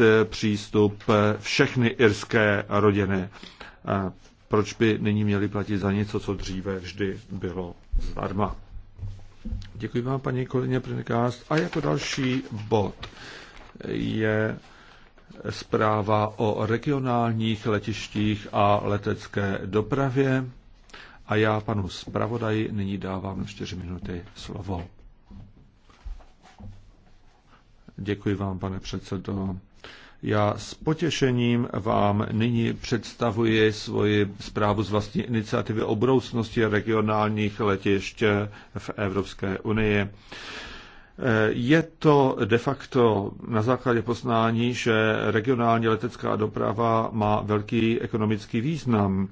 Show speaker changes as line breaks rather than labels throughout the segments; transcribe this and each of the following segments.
Eh, přístup eh, všechny irské rodiny. A proč by nyní měli platit za něco, co dříve vždy bylo zdarma? Děkuji vám, paní kolegyně Prinkást. A jako další bod je zpráva o regionálních letištích a letecké dopravě. A já panu zpravodaji nyní dávám 4 minuty slovo. Děkuji vám, pane předsedo. Já s potěšením vám nyní představuji svoji zprávu z vlastní iniciativy o budoucnosti regionálních letišť v Evropské unii. Je to de facto na základě poznání, že regionální letecká doprava má velký ekonomický význam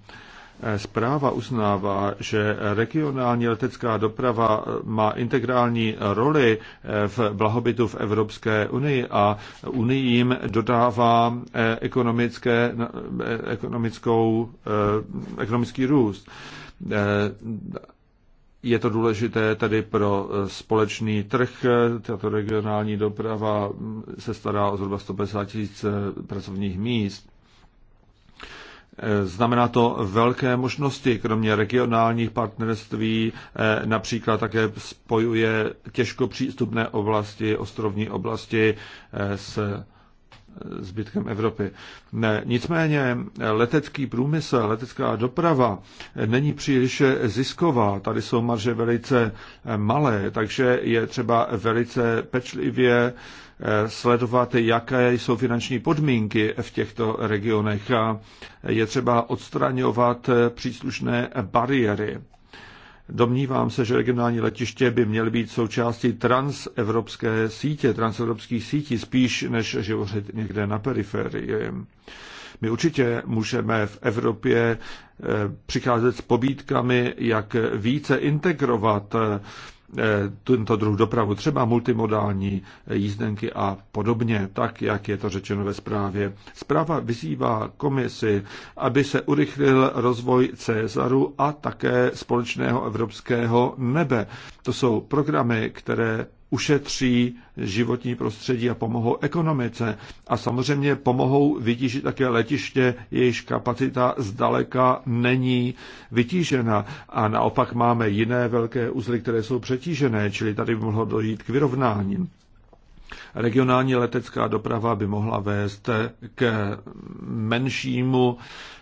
Zpráva uznává, že regionální letecká doprava má integrální roli eh, v blahobytu v Evropské unii a unii jim dodává eh, ekonomické, eh, ekonomickou, ekonomický růst. Je to důležité tedy pro společný trh. Tato regionální doprava hm, se stará o zhruba 150 tisíc pracovních míst. Eh, znamená to velké možnosti, kromě regionálních partnerství, eh, například také spojuje těžko přístupné oblasti, ostrovní oblasti eh, s zbytkem Evropy. Ne, nicméně letecký průmysl, letecká doprava není příliš zisková. Tady jsou marže velice malé, takže je třeba velice pečlivě eh, sledovat, jaké jsou finanční podmínky v těchto regionech a je třeba odstraňovat příslušné bariéry. Domnívám se, že regionální letiště by měly být součástí transevropské sítě, transevropských sítí, spíš než živořit někde na periferii. My určitě můžeme v Evropě eh, přicházet s pobídkami, jak více integrovat eh, Eh, tento druh dopravu, třeba multimodální jízdenky a podobně, tak jak je to řečeno ve zprávě. Zpráva vyzývá komisi, aby se urychlil rozvoj Cezaru a také společného evropského nebe. To jsou programy, které ušetří životní prostředí a pomohou ekonomice. A samozřejmě pomohou vytížit také letiště, jejíž kapacita zdaleka není vytížena. A naopak máme jiné velké uzly, které jsou přetížené, čili tady by mohlo dojít k vyrovnání. Regionální letecká doprava by mohla vést k menšímu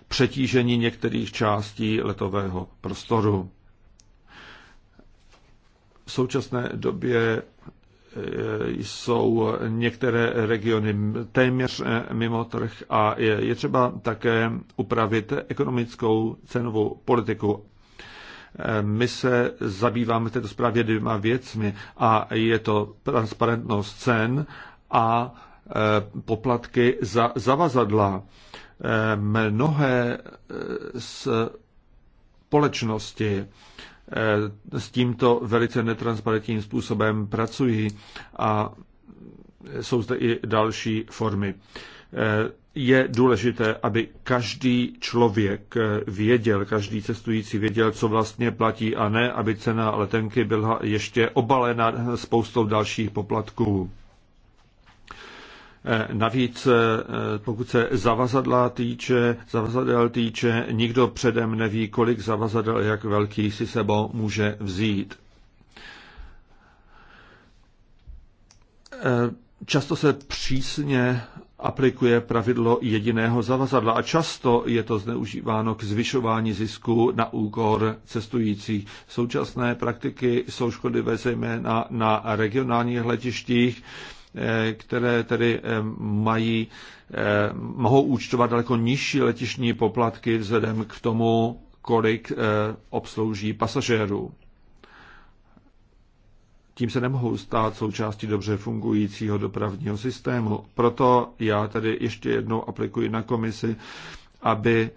přetížení některých částí letového prostoru. V současné době eh, jsou některé regiony téměř eh, mimo trh a je, je třeba také upravit ekonomickou cenovou politiku. Eh, my se zabýváme v této zprávě dvěma věcmi a je to transparentnost cen a poplatky za zavazadla. Mnohé společnosti s tímto velice netransparentním způsobem pracují a jsou zde i další formy. Eh, je důležité, aby každý člověk eh, věděl, každý cestující věděl, co vlastně platí a ne, aby cena letenky byla ještě obalena spoustou dalších poplatků. Eh, navíc, eh, pokud se zavazadla týče, zavazadel týče, nikdo předem neví, kolik zavazadel, jak velký si sebou může vzít. Eh, často se přísně aplikuje pravidlo jediného zavazadla a často je to zneužíváno k zvyšování zisku na úkor cestujících. Současné praktiky jsou škodlivé zejména na regionálních letištích, Eh, které tedy eh, mají, eh, mohou účtovat daleko nižší letišní poplatky vzhledem k tomu, kolik obslouží pasažérů. Tím se nemohou stát součástí dobře fungujícího dopravního systému. Proto já tady ještě jednou aplikuji na komisi, aby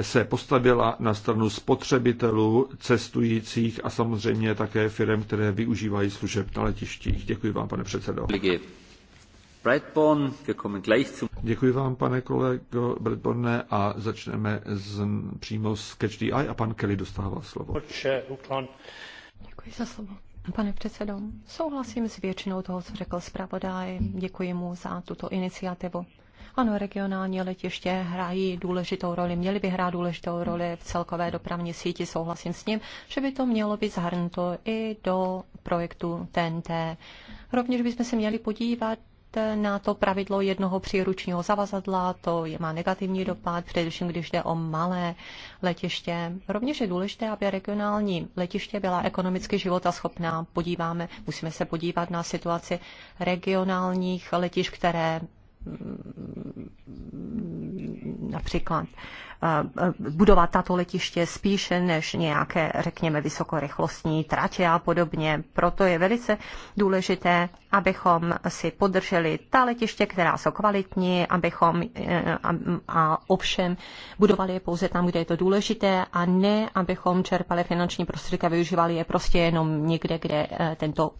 se postavila na stranu spotřebitelů, cestujících a samozřejmě také firm, které využívají služeb na letištích. Děkuji vám, pane předsedo. Děkuji vám, pane kolego Bradborne, a začneme z, přímo s Catch the Eye a pan Kelly dostává slovo.
Děkuji za slovo. Pane předsedo, souhlasím s většinou toho, co řekl zpravodaj. Děkuji mu za tuto iniciativu. Ano, regionální letiště hrají důležitou roli, měly by hrát důležitou roli v celkové dopravní síti, souhlasím s ním, že by to mělo být zahrnuto i do projektu TNT. Rovněž bychom se měli podívat na to pravidlo jednoho příručního zavazadla, to je, má negativní dopad, především když jde o malé letiště. Rovněž je důležité, aby regionální letiště byla ekonomicky života schopná. Podíváme, musíme se podívat na situaci regionálních letišť, které například eh, budovat tato letiště spíše než nějaké, řekněme, vysokorychlostní tratě a podobně. Proto je velice důležité, abychom si podrželi ta letiště, která jsou kvalitní, abychom a, eh, a ovšem budovali je pouze tam, kde je to důležité a ne, abychom čerpali finanční prostředky a využívali je prostě jenom někde, kde eh, tento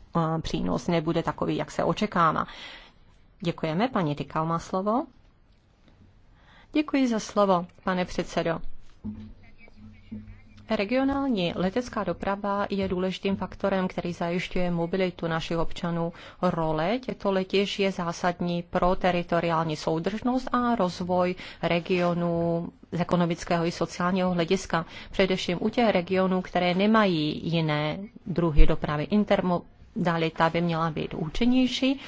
přínos nebude takový, jak se očekává. Děkujeme, paní Tykal má slovo. Děkuji za slovo, pane předsedo. Regionální letecká doprava je důležitým faktorem, který zajišťuje mobilitu našich občanů. Role těchto letiš je zásadní pro teritoriální soudržnost a rozvoj regionu z ekonomického i sociálního hlediska, především u těch regionů, které nemají jiné druhy dopravy. Intermodalita by měla být účinnější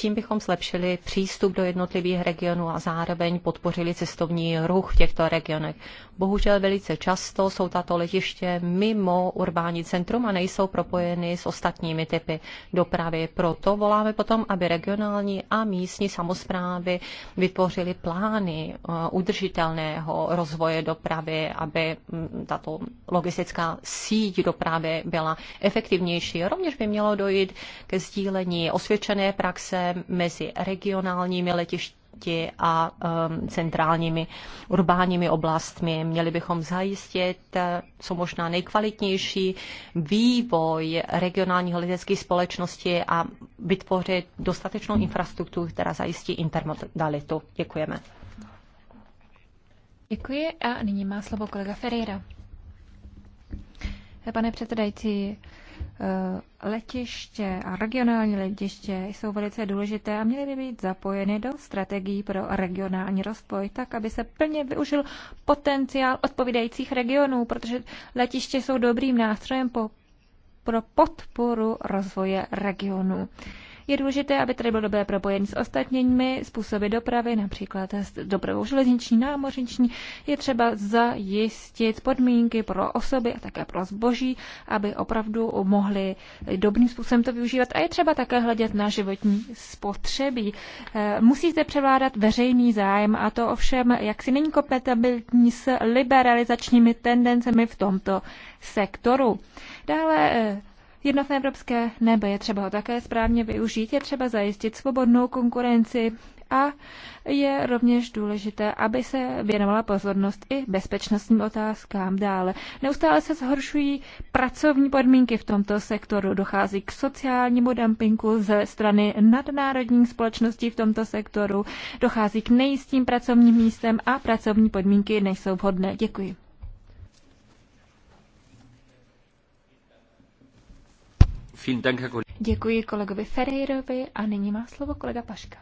tím bychom zlepšili přístup do jednotlivých regionů a zároveň podpořili cestovní ruch v těchto regionech. Bohužel velice často jsou tato letiště mimo urbání centrum a nejsou propojeny s ostatními typy dopravy. Proto voláme potom, aby regionální a místní samozprávy vytvořily plány eh, udržitelného rozvoje dopravy, aby mm, tato logistická síť dopravy byla efektivnější. Rovněž by mělo dojít ke sdílení osvědčené praxe mezi regionálními letišti oblasti a um, centrálními urbánními oblastmi. Měli bychom zajistit eh, co možná nejkvalitnější vývoj regionálního leteckých společnosti a vytvořit dostatečnou infrastrukturu, která zajistí intermodalitu. Děkujeme.
Děkuji a nyní má slovo kolega Ferreira. Pane předsedající, Eh, letiště a regionální letiště jsou velice důležité a měly by být zapojeny do strategií pro regionální rozvoj, tak aby se plně využil potenciál odpovídajících regionů, protože letiště jsou dobrým nástrojem po, pro podporu rozvoje regionů. Je důležité, aby tady bylo dobré propojení s ostatními způsoby dopravy, například s dopravou železniční, námořniční. Je třeba zajistit podmínky pro osoby a také pro zboží, aby opravdu mohli dobrým způsobem to využívat. A je třeba také hledět na životní spotřeby. Eh, musí zde převládat veřejný zájem a to ovšem jak si není kompatibilní s liberalizačními tendencemi v tomto sektoru. Dále eh, jednotné evropské nebe. Je třeba ho také správně využít, je třeba zajistit svobodnou konkurenci a je rovněž důležité, aby se věnovala pozornost i bezpečnostním otázkám dále. Neustále se zhoršují pracovní podmínky v tomto sektoru. Dochází k sociálnímu dumpingu ze strany nadnárodních společností v tomto sektoru. Dochází k nejistým pracovním místem a pracovní podmínky nejsou vhodné. Děkuji. Děkuji kolegovi Ferreirovi a nyní má slovo kolega Paška.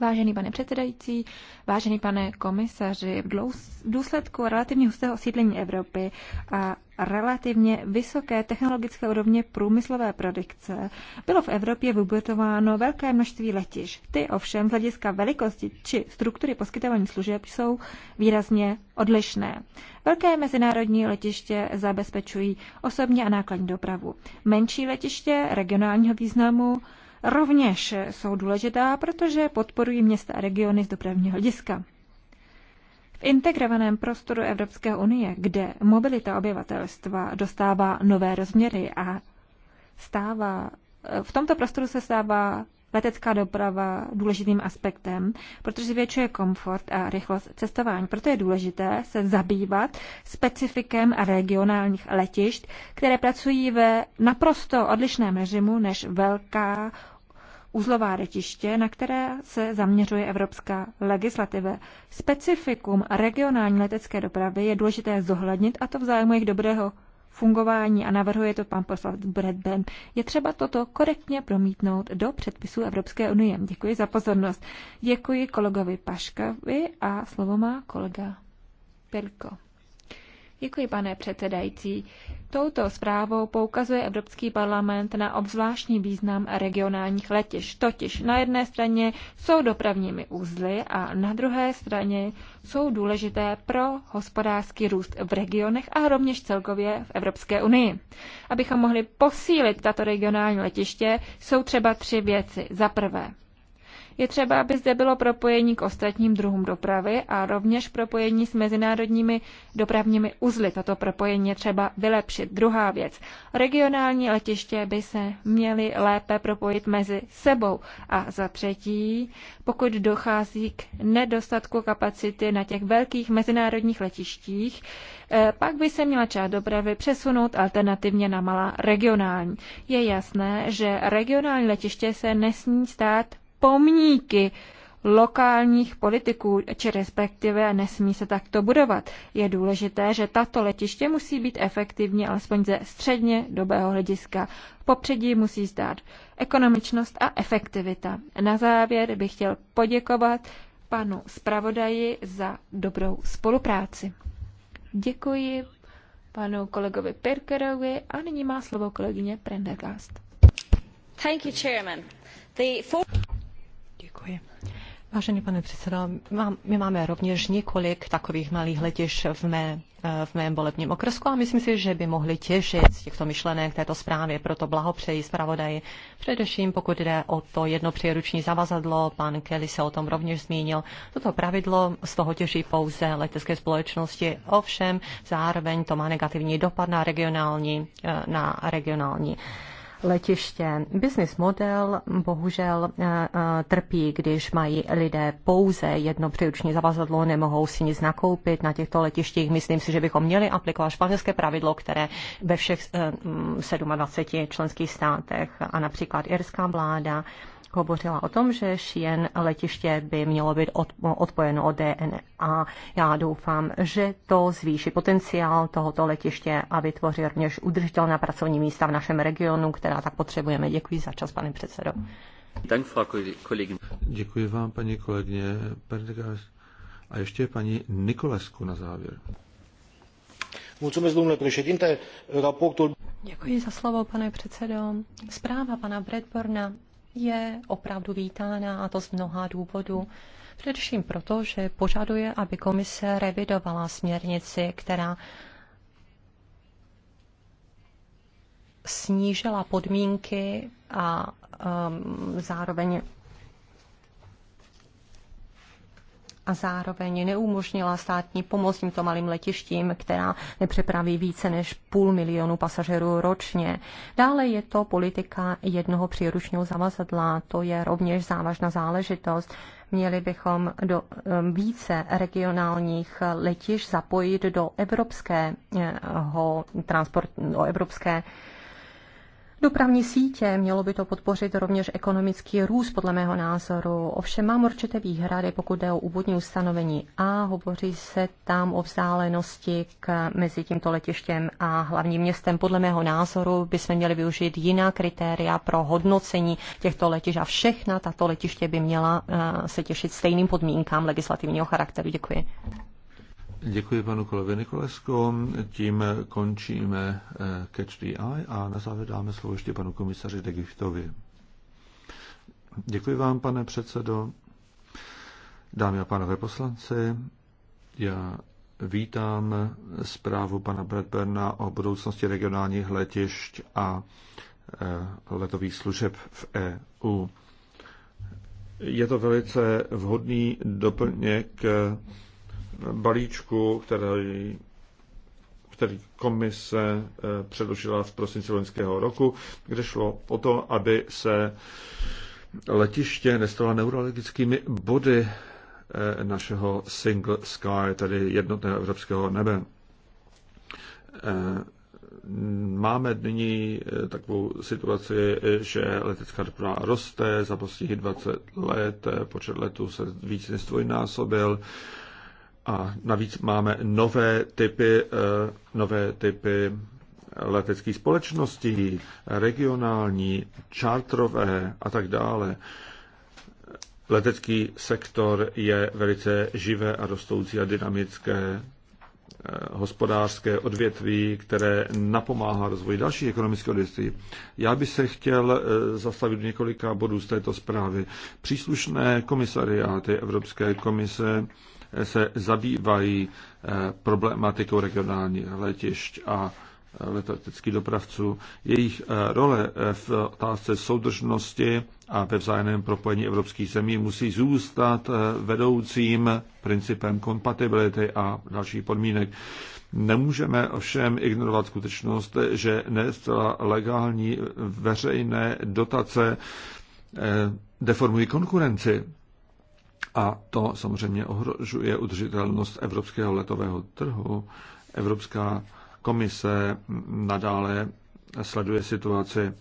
Vážený pane předsedající, vážený pane komisaři, v důsledku relativně hustého osídlení Evropy a relativně vysoké technologické úrovně průmyslové produkce bylo v Evropě vybudováno velké množství letiš. Ty ovšem z hlediska velikosti či struktury poskytování služeb jsou výrazně odlišné. Velké mezinárodní letiště zabezpečují osobní a nákladní dopravu. Menší letiště regionálního významu rovněž jsou důležitá, protože podporují města a regiony z dopravního hlediska. V integrovaném prostoru Evropské unie, kde mobilita obyvatelstva dostává nové rozměry a stává, v tomto prostoru se stává letecká doprava důležitým aspektem, protože zvětšuje komfort a rychlost cestování. Proto je důležité se zabývat specifikem regionálních letišť, které pracují ve naprosto odlišném režimu než velká uzlová letiště, na které se zaměřuje evropská legislativa. Specifikum regionální letecké dopravy je důležité zohlednit a to v zájmu jejich dobrého fungování a navrhuje to pan poslanec Bradben. Je třeba toto korektně promítnout do předpisů Evropské unie. Děkuji za pozornost. Děkuji kolegovi Paškovi a slovo má kolega Pirko. Děkuji, pane předsedající. Touto zprávou poukazuje Evropský parlament na obzvláštní význam regionálních letiš. Totiž na jedné straně jsou dopravními úzly a na druhé straně jsou důležité pro hospodářský růst v regionech a rovněž celkově v Evropské unii. Abychom mohli posílit tato regionální letiště, jsou třeba tři věci. Za prvé, je třeba, aby zde bylo propojení k ostatním druhům dopravy a rovněž propojení s mezinárodními dopravními uzly. Toto propojení je třeba vylepšit. Druhá věc. Regionální letiště by se měly lépe propojit mezi sebou. A za třetí, pokud dochází k nedostatku kapacity na těch velkých mezinárodních letištích, eh, pak by se měla část dopravy přesunout alternativně na malá regionální. Je jasné, že regionální letiště se nesmí stát pomníky lokálních politiků, či respektive nesmí se takto budovat. Je důležité, že tato letiště musí být efektivní alespoň ze středně dobého hlediska. V popředí musí zdát ekonomičnost a efektivita. Na závěr bych chtěl poděkovat panu zpravodaji za dobrou spolupráci. Děkuji panu kolegovi Pirkerovi a nyní má slovo kolegyně Prendergast. Thank you, chairman. The four...
Děkuji. Vážený pane předsedo, my máme rovněž několik takových malých letiš v, mé, v mém volebním okresku a myslím si, že by mohli těžit z těchto myšlenek této zprávy, proto blahopřeji zpravodaji. Především pokud jde o to jedno příruční zavazadlo, pan Kelly se o tom rovněž zmínil. Toto pravidlo z toho těží pouze letecké společnosti, ovšem zároveň to má negativní dopad na regionální, eh, na regionální letiště. Business model bohužel eh, eh, trpí, když mají lidé pouze jedno příruční zavazadlo, nemohou si nic nakoupit na těchto letištích. Myslím si, že bychom měli aplikovat španělské pravidlo, které ve všech 27 eh, členských státech a například irská vláda hovořila o tom, že Šien letiště by mělo být odpojeno od DNA. Já doufám, že to zvýší potenciál tohoto letiště a vytvoří rovněž udržitelná pracovní místa v našem regionu, která tak potřebujeme. Děkuji za čas, pane předsedo.
Děkuji vám, paní kolegyně A ještě paní Nikolesku na závěr.
Děkuji za slovo, pane předsedo. Zpráva pana Bradborna je opravdu vítána a to z mnoha důvodů. Především proto, že požaduje, aby komise revidovala směrnici, která snížila podmínky a um, zároveň a zároveň neumožnila státní pomoc tímto malým letištím, která nepřepraví více než půl milionu pasažerů ročně. Dále je to politika jednoho příručního zavazadla, to je rovněž závažná záležitost. Měli bychom do eh, více regionálních letiš zapojit do evropského transportu, do evropské Dopravní sítě mělo by to podpořit rovněž ekonomický růst, podle mého názoru. Ovšem mám určité výhrady, pokud jde o úvodní ustanovení A. Hovoří se tam o vzdálenosti k, mezi tímto letištěm a hlavním městem. Podle mého názoru bychom měli využít jiná kritéria pro hodnocení těchto letišť a všechna tato letiště by měla eh, se těšit stejným podmínkám legislativního charakteru. Děkuji.
Děkuji panu kolegovi Nikolesku. Tím končíme eh, Catch the Eye a na závěr dáme slovo ještě panu komisaři De Gichtovi. Děkuji vám, pane předsedo. Dámy a pánové poslanci, já vítám zprávu pana Bradburna o budoucnosti regionálních letišť a eh, letových služeb v EU. Je to velice vhodný doplněk eh, balíčku, který, který komise eh, předložila v prosinci loňského roku, kde šlo o to, aby se letiště nestala neurologickými body eh, našeho single sky, tedy jednotného evropského nebe. Eh, máme nyní takovou situaci, že letecká doprava roste, za posledních 20 let počet letů se víc než dvojnásobil, a navíc máme nové typy, eh, nové typy leteckých společností, regionální, čártrové a tak dále. Letecký sektor je velice živé a rostoucí a dynamické eh, hospodářské odvětví, které napomáhá rozvoji dalších ekonomických odvětví. Já bych se chtěl eh, zastavit několika bodů z této zprávy. Příslušné komisariáty Evropské komise se zabývají eh, problematikou regionálních letišť a eh, leteckých dopravců. Jejich eh, role v otázce soudržnosti a ve vzájemném propojení evropských zemí musí zůstat vedoucím principem kompatibility a dalších podmínek. Nemůžeme ovšem ignorovat skutečnost, že ne legální veřejné dotace deformují konkurenci a to samozřejmě ohrožuje udržitelnost evropského letového trhu. Evropská komise nadále sleduje situaci.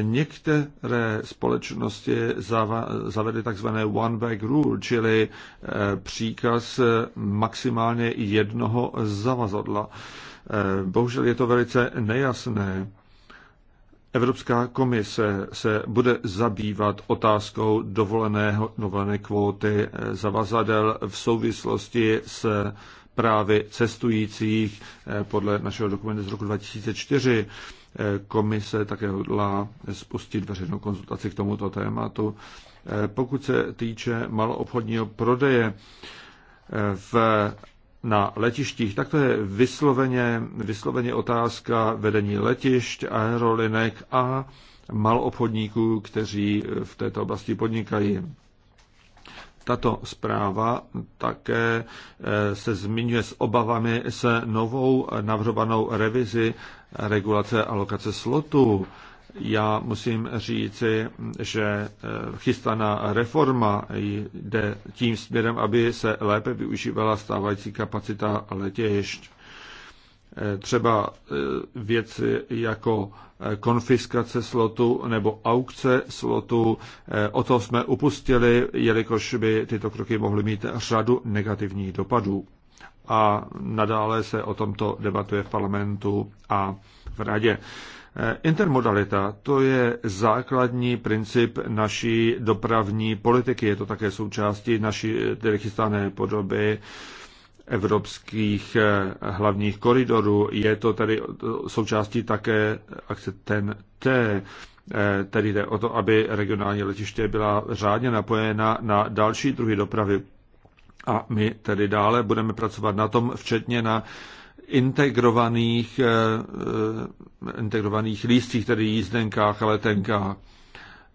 Některé společnosti zavedly takzvané one bag rule, čili eh, příkaz maximálně jednoho zavazadla. Eh, bohužel je to velice nejasné Evropská komise se bude zabývat otázkou dovoleného, dovolené kvóty zavazadel v souvislosti s právy cestujících eh, podle našeho dokumentu z roku 2004. Eh, komise také hodlá spustit veřejnou konzultaci k tomuto tématu. Eh, pokud se týče maloobchodního prodeje, v na letištích, tak to je vysloveně, vysloveně otázka vedení letišť, aerolinek a malobchodníků, kteří v této oblasti podnikají. Tato zpráva také eh, se zmiňuje s obavami se novou navrhovanou revizi regulace alokace slotů já musím říci, že eh, chystaná reforma jde tím směrem, aby se lépe využívala stávající kapacita letišť. Eh, třeba eh, věci jako konfiskace slotu nebo aukce slotu, o to jsme upustili, jelikož by tyto kroky mohly mít řadu negativních dopadů. A nadále se o tomto debatuje v parlamentu a v radě. Eh, intermodalita to je základní princip naší dopravní politiky. Je to také součástí naší eh, chystané podoby evropských eh, hlavních koridorů. Je to tedy součástí také akce ten T. Tedy jde o to, aby regionální letiště byla řádně napojena na další druhy dopravy. A my tedy dále budeme pracovat na tom, včetně na integrovaných, eh, eh, integrovaných lístcích, tedy jízdenkách a letenkách.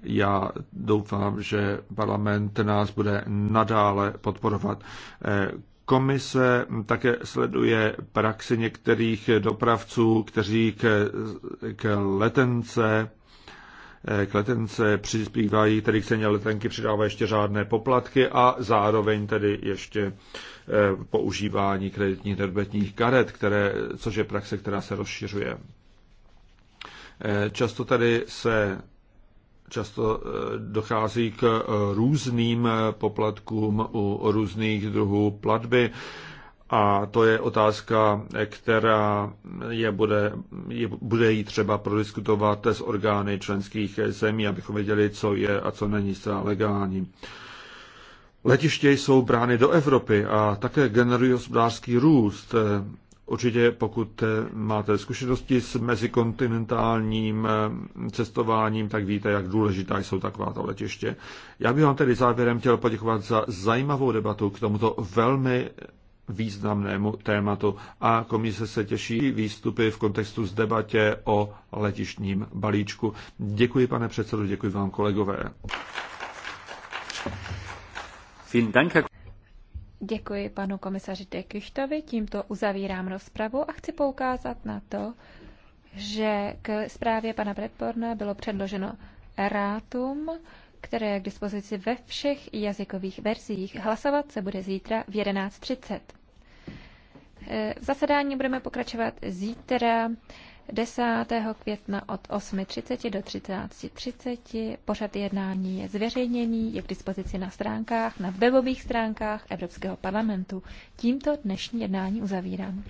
Já doufám, že parlament nás bude nadále podporovat. Eh, komise také sleduje praxi některých dopravců, kteří k, k letence Eh, kletence přispívají, tedy k ceně letenky přidává ještě řádné poplatky a zároveň tedy ještě eh, používání kreditních debetních karet, které, což je praxe, která se rozšiřuje. Eh, často tady se často dochází k různým poplatkům u různých druhů platby. A to je otázka, která je bude, je, bude jí třeba prodiskutovat s orgány členských zemí, abychom věděli, co je a co není zcela legální. Letiště jsou brány do Evropy a také generují hospodářský růst. Určitě pokud máte zkušenosti s mezikontinentálním cestováním, tak víte, jak důležitá jsou takováto letiště. Já bych vám tedy závěrem chtěl poděkovat za zajímavou debatu k tomuto velmi významnému tématu a komise se těší výstupy v kontextu s debatě o letišním balíčku. Děkuji, pane předsedo, děkuji vám, kolegové.
Děkuji panu komisaři Dekištovi, tímto uzavírám rozpravu a chci poukázat na to, že k zprávě pana Bradborna bylo předloženo rátum, které je k dispozici ve všech jazykových verzích. Hlasovat se bude zítra v 11.30. Eh, v zasedání budeme pokračovat zítra 10. května od 8.30 do 13.30. Pořad jednání je zveřejněný, je k dispozici na stránkách, na webových stránkách Evropského parlamentu. Tímto dnešní jednání uzavírám.